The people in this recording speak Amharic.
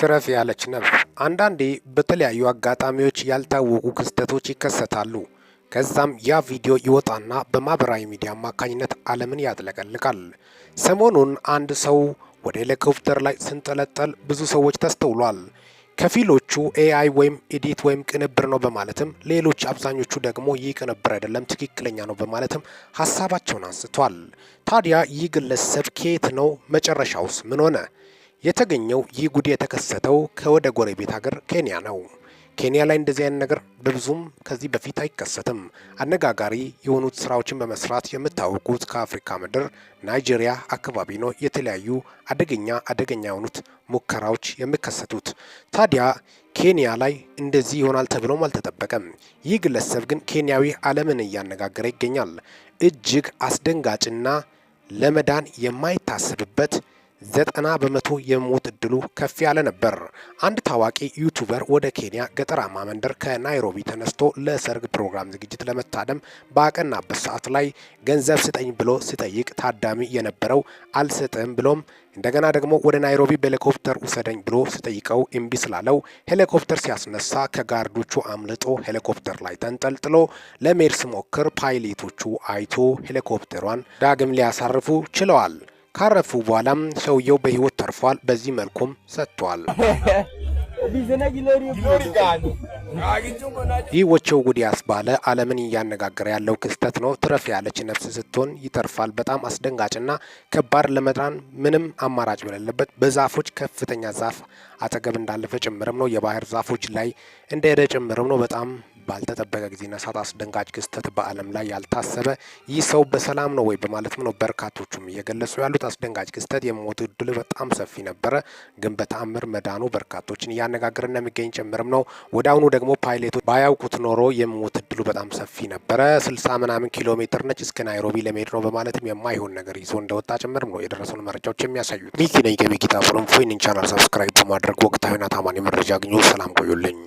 ትረፍ ያለች ነፍስ። አንዳንዴ በተለያዩ አጋጣሚዎች ያልታወቁ ክስተቶች ይከሰታሉ። ከዛም ያ ቪዲዮ ይወጣና በማህበራዊ ሚዲያ አማካኝነት ዓለምን ያጥለቀልቃል። ሰሞኑን አንድ ሰው ወደ ሄሊኮፕተር ላይ ስንጠለጠል ብዙ ሰዎች ተስተውሏል። ከፊሎቹ ኤአይ ወይም ኤዲት ወይም ቅንብር ነው በማለትም ሌሎች አብዛኞቹ ደግሞ ይህ ቅንብር አይደለም፣ ትክክለኛ ነው በማለትም ሀሳባቸውን አንስቷል። ታዲያ ይህ ግለሰብ ከየት ነው? መጨረሻውስ ምን ሆነ? የተገኘው ይህ ጉድ የተከሰተው ከወደ ጎረቤት ሀገር ኬንያ ነው። ኬንያ ላይ እንደዚህ አይነት ነገር በብዙም ከዚህ በፊት አይከሰትም። አነጋጋሪ የሆኑት ስራዎችን በመስራት የምታወቁት ከአፍሪካ ምድር ናይጄሪያ አካባቢ ነው የተለያዩ አደገኛ አደገኛ የሆኑት ሙከራዎች የሚከሰቱት። ታዲያ ኬንያ ላይ እንደዚህ ይሆናል ተብሎም አልተጠበቀም። ይህ ግለሰብ ግን ኬንያዊ ዓለምን እያነጋገረ ይገኛል። እጅግ አስደንጋጭና ለመዳን የማይታሰብበት ዘጠና በመቶ የሞት እድሉ ከፍ ያለ ነበር። አንድ ታዋቂ ዩቱበር ወደ ኬንያ ገጠራማ መንደር ከናይሮቢ ተነስቶ ለሰርግ ፕሮግራም ዝግጅት ለመታደም ባቀናበት ሰዓት ላይ ገንዘብ ስጠኝ ብሎ ሲጠይቅ ታዳሚ የነበረው አልሰጥም ብሎም እንደገና ደግሞ ወደ ናይሮቢ በሄሊኮፕተር ውሰደኝ ብሎ ሲጠይቀው እምቢ ስላለው ሄሊኮፕተር ሲያስነሳ ከጋርዶቹ አምልጦ ሄሊኮፕተር ላይ ተንጠልጥሎ ለመሄድ ሲሞክር ፓይሌቶቹ አይቶ ሄሊኮፕተሯን ዳግም ሊያሳርፉ ችለዋል። ካረፉ በኋላም ሰውየው በህይወት ተርፏል። በዚህ መልኩም ሰጥቷል። ይህ ወቸው ጉድ ያስባለ ዓለምን እያነጋገረ ያለው ክስተት ነው። ትረፍ ያለች ነፍስ ስትሆን ይተርፋል። በጣም አስደንጋጭና ከባድ ለመዳን ምንም አማራጭ በሌለበት በዛፎች ከፍተኛ ዛፍ አጠገብ እንዳለፈ ጭምርም ነው። የባህር ዛፎች ላይ እንደሄደ ጭምርም ነው። በጣም ባልተጠበቀ ጊዜና ሰዓት አስደንጋጭ ክስተት በዓለም ላይ ያልታሰበ ይህ ሰው በሰላም ነው ወይ በማለትም ነው በርካቶቹም እየገለጹ ያሉት። አስደንጋጭ ክስተት የሞት እድል በጣም ሰፊ ነበረ፣ ግን በተአምር መዳኑ በርካቶችን እያነጋገረና የሚገኝ ጭምርም ነው። ወደ አሁኑ ደግሞ ፓይሌቶች ባያውቁት ኖሮ የሞት እድሉ በጣም ሰፊ ነበረ። ስልሳ ምናምን ኪሎ ሜትር ነች እስከ ናይሮቢ ለመሄድ ነው በማለትም የማይሆን ነገር ይዞ እንደወጣ ጭምርም ነው የደረሱን መረጃዎች የሚያሳዩት። ሚኪ ነኝ ከሚኪታ ፎረም ፎይንን ቻናል ሰብስክራይብ በማድረግ ወቅታዊና ታማኝ መረጃ አግኙ። ሰላም ቆዩልኝ።